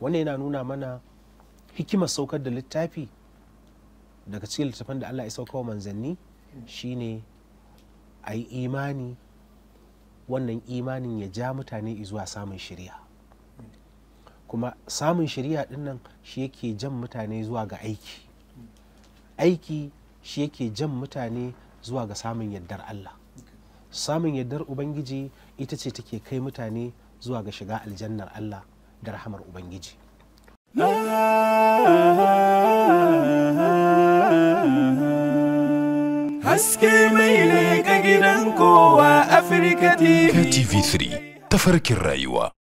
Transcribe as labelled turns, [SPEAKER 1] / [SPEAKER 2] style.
[SPEAKER 1] wannan yana nuna mana hikimar saukar da littafi daga cikin littafin da Allah ya sauka wa manzanni shine a yi imani wannan imanin ya ja mutane zuwa samun shiriya. kuma samun din dinnan shi yake jan mutane zuwa ga aiki aiki shi yake jan mutane zuwa ga samun yardar Allah samun yardar ubangiji ita ce take kai mutane zuwa ga shiga aljannar Allah da rahamar ubangiji
[SPEAKER 2] haske mai ne ga gidan kowa
[SPEAKER 3] afirka
[SPEAKER 4] tv3 tafarkin rayuwa